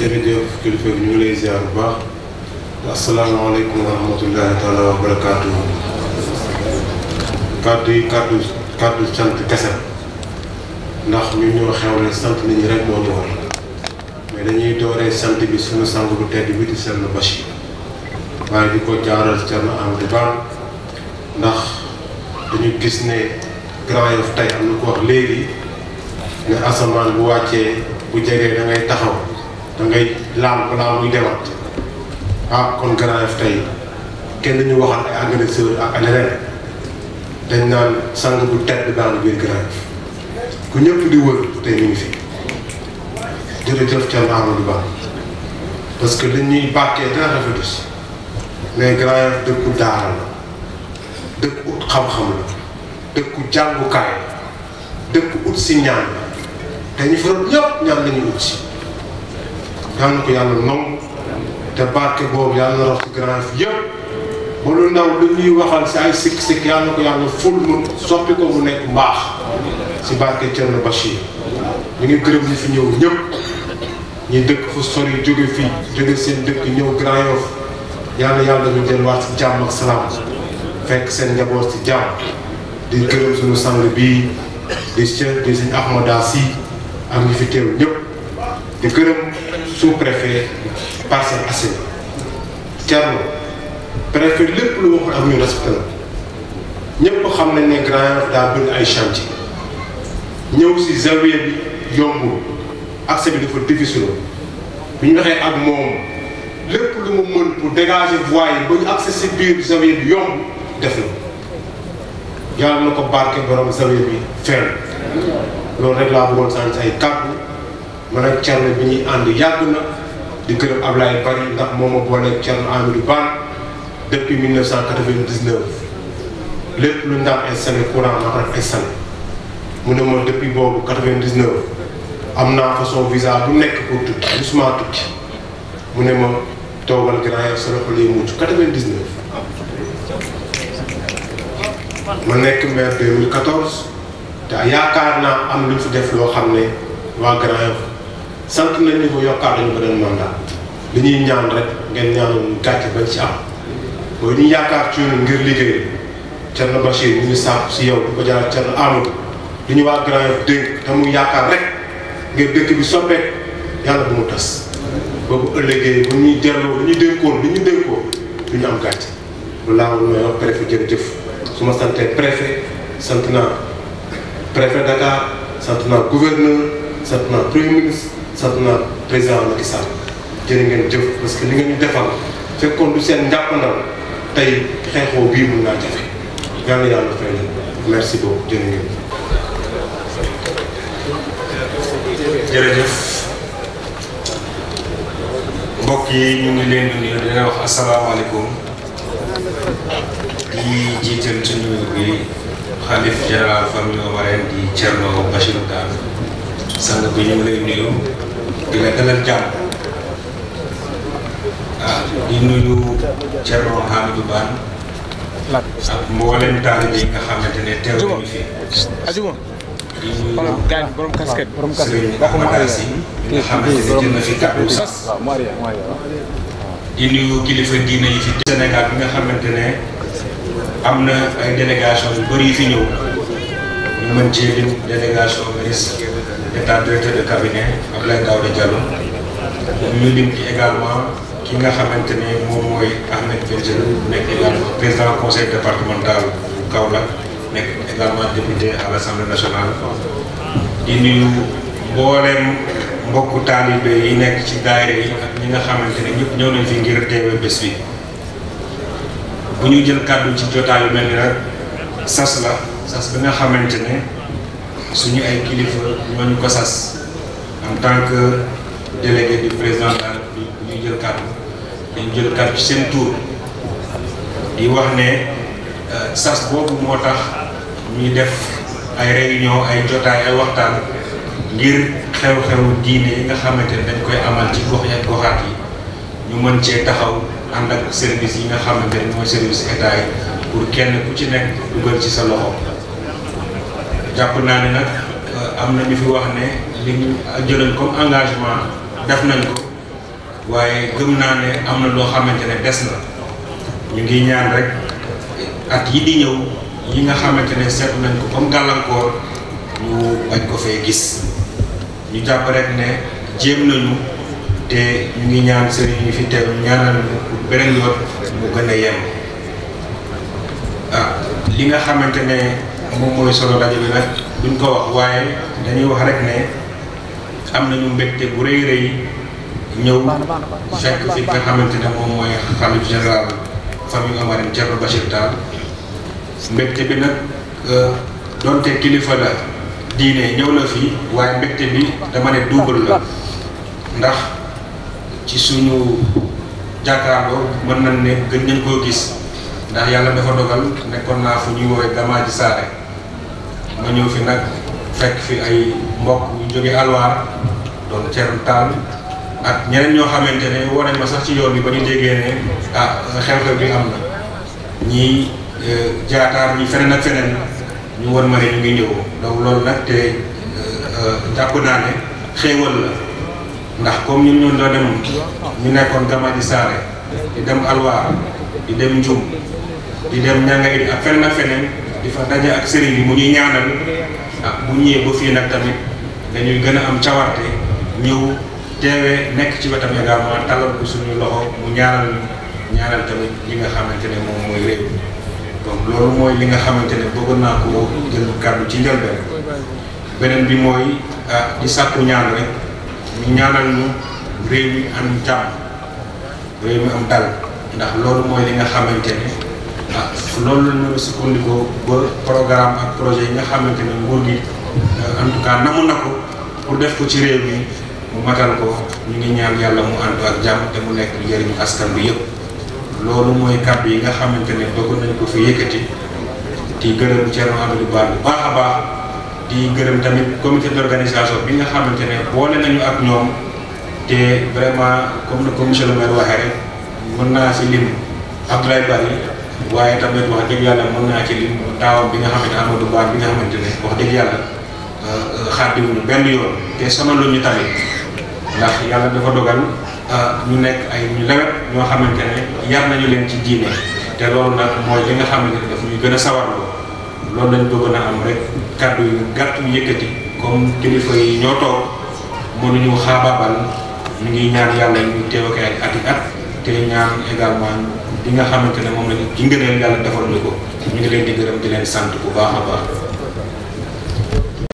jërëjëf kilifa ñu ngi lay ziar bu baax asalaamaaleykum wa rahmatullahi taala wa barakaatu kàddu yi kàddu sant kese ndax ñu ñoo xewle sant nañu rek moo ñu mais dañuy dooree sant bi suñu sang bu tedd bi di Serigne Bachir waaye di ko jaaral Serigne Amadou Ba ndax dañu gis ne Grand Yoff tey am ko wax léegi ne asamaan bu wàccee bu jegee da taxaw. da ngay laal ko laal muy demaat ah kon Grand Yoff tey kenn ñu waxal ay agresseur ak leneen dañ naan sang bu tedd daal biir Grand Yoff ku ñëpp di wër tey ñu ngi fi jërëjëf Thierno Amadou Ba parce que li ñuy bàkkee dina rafetlu si mais Grand Yoff dëkku daara la dëkku ut xam-xam la dëkku jàngukaay la dëkku ut si ñaan te ñu faral ñëpp ñaan la ut si. nan ko yàlla nangu te barke boobu yàlla na rox ci grand yëpp ba lu ndaw lu ñuy waxal si ay sikk sikk yàlla na ko yàlla ful mu soppi ko mu nekk mbaax si barke Thierno Bachir ñu ngi gërëm ñi fi ñëw ñëpp ñi dëkk fu sori jóge fii jóge seen dëkk ñëw Grand Yoff yàlla yàlla ñu delluwaat si jàmm ak salaam fekk seen njaboot si jàmm di gërëm suñu sang bii di Cheikh di sëñ Ahmada Si ak ñi fi teew ñëpp di gërëm sous-préfet Parcelles Assainies Thierno préfet lépp lu waxul ak ñu respecté la ñëpp xam nañ ne Grand Yoff daa bëri ay chantier ñëw si zawiya bi yombul accès bi dafa difficile bu ñu waxee ak moom lépp lu mu mën pour dégager voie yi ba ñu accès si biir zawiya bi yomb def na yàlla na ko barke borom zawiya bi fenn loolu rek laa bëggoon sant ay kàddu man ak Thierno bi ñuy ànd yàgg na di gërëm Ablaye Bari ndax moo ma booleeg Thierno Amidou Ba depuis 1999 lépp lu ndaam installé courant maa ko installé mu ne ma depuis boobu 99 am naa façon visa bu nekk pour tukki doucement tukki mu ne ma toogal grand sa loxo lay mucc 99. ma nekk yaakaar naa am lu fi def loo xam ne waa grand sant nañ ñu ko yokkaat nañu ko beneen mandat li ñuy ñaan rek ngeen ñaanoon gàcce bañ ci am mooy ñu yaakaar ci ñun ngir liggéey Thierno Bachir ñu ngi sàpp si yow di ko jaral Thierno Amadou li ñu waa Grand Yoff dénk te mu yaakaar rek ngir dëkk bi soppeek yàlla bu mu tas boobu ëllëgee bu ñuy delloo li ñu dénkoon li ñu dénkoon du am gàcce lu laa woon may wax préfet jërëjëf su ma santee préfet sant naa préfet Dakar sant gouverneur sant naa ministre sant naa président Macky Sall jërë ngeen jëf parce que li ngeen ñu defal fekkoon du seen njàppandal tey xeexoo bii mun naa jafe yàlla yàlla fay leen merci beaucoup jërë ngeen jërëjëf mbokk yi ñu ngi leen di nuyu dina wax asalaamaaleykum di jiital ci nuyu bi xalif général famille Omarienne di Thierno Bachir Tall sang bi ñu ngi lay nuyu di la dalal jàmm ah di nuyu Thierno Hamidou Bane ak mboolem taalibe yi nga xamante ne teew nañu fi. di nuyu borom casquette borom casquette yi nga xamante ne jël na fi kàddu sax di nuyu kilifa diine yi fi Sénégal bi nga xamante ne am na ay délégation yu bëri yi fi ñëw ñu mën cee lim délégation risque étant directeur de cabinet Abdoulaye Daouda Diallo ñu lim ci également ki nga xamante ni moom mooy Ahmed Benjelou président conseil départemental bu Kaolack nekk également député à l' assemblée nationale di nuyu mbooleem mbokku taalibe yi nekk ci daayira yi ak ñi nga xamante ne ñëpp ñëw nañ fi ngir teewe bés bi bu ñu jël kàddu ci jotaayu mel rek sas la sas bi nga xamante ne suñu ay kilifa ñooñu ko sas en tant que délégué bi président de la République bu ñu jël kàddu dañu jël kàddu ci seen tour di wax ne euh, sas boobu moo tax ñuy def ay réunion ay jotaay ay waxtaan ngir xew-xewu diine yi nga xamante ne dañ koy amal ci gox goxaat yi ñu mën cee taxaw ànd ak service yi nga xamante ne mooy service état pour kenn ku ci nekk dugal ci sa loxo jàpp naa ne nag euh, am na ñu fi wax ne li ñu euh, jëloon comme engagement def nañ ko waaye gëm naa ne am na loo xamante ne des na ñu ngi ñaan rek at yi ñëw yi nga xamante ne set nañ ko comme gàllankoor ñu bañ ko fee gis ñu jàpp rek ne jéem nañu te ñu ngi ñaan sëriñ yi fi teew ñaanal beneen yoon mu gën a yem ah, li nga xamante ne. moom mooy solo daje bi nag duñ ko wax waaye dañuy wax rek ne am nañu mbégte bu rëy rëy ñëw fekk fi nga xamante ne moom mooy xalif général famille Omarine Thierno Bachir Tall mbégte bi nag euh, donte kilifa la diine ñëw la fii waaye mbégte bi dama ne double la ndax ci suñu jàkkaarloo mën nañ ne gën nañ koo gis ndax yàlla dafa dogal nekkoon naa fu ñuy woowee Gamadi Saare ma ñëw fi nag fekk fi ay mbokk yu jóge alwaar doon Thierno taal ak ñeneen ñoo xamante ne wane ma sax ci yoon bi ba ñu déggee ne ah xew-xew bi am na ñii euh, jaataar ñi feneen ñu won ma ne ñu loolu nag te euh, jàpp ne xéewal la ndax comme ñun ñoo doon ñu nekkoon Gamadi di dem alwaar di ak feneen ak feneen di fa daje ak sëriñ bi mu ñuy ñaanal ah bu ñëwee ba fii nag tamit dañuy gën a am cawarte ñëw teewee nekk ci wetam également talal ko suñu loxo mu ñaanal ñaanal tamit li nga xamante ne moom mooy réew mi donc loolu mooy li nga xamante ne bëggoon naa ko jël kàddu ci njëlbeen beneen bi mooy ah, di sàkku ñaan rek ñu ñaanal ñu réew mi am jàmm réew mi am dal ndax loolu mooy li nga xamante ne loolu la ñu sukkandikoo ba programme ak projet yi nga xamante ne nguur gi euh, en tout na ko pour def ko ci réew mu matal ko ñu ngi ñaan yàlla mu ak jàmm te mu nekk njëriñu askan bi yëpp. loolu mooy kàddu yi nga xamante ne dogal nañ ko fi yëkkati di gërëm Thierno Amadou Ba baax a baax di gërëm tamit comité d'organisation bi nga xamante ne boole nañu ak ñoom te vraiment comme ni ko monsieur le maire rek mën naa si lim Abdoulaye Bari. waaye tamit wax dëgg yàlla mën naa ci lim taawam bi nga xamante ne Amadou Ba bi nga xamante ne wax dëgg yàlla euh, euh, xaadiwuñu benn yoon te sonaluñu tamit ndax yàlla dafa dogal euh, ñu nekk ay ñu lewet ñoo xamante ne yar ñu leen ci diine te loolu nag mooy li xamante ne daf ñuy gën a loolu lañ bëgg na am rek kàddu yu gàtt yu yëkkati comme kilifa yi ñoo toog mënuñu xaabaabal ñu ngi ñaan yàlla ñu teew ak ay at i at te ñaan également. li nga xamante ne moom lañu ji ngëneel yàlla defal ñu ko ñu ngi leen di gërëm di leen sant bu baax a baax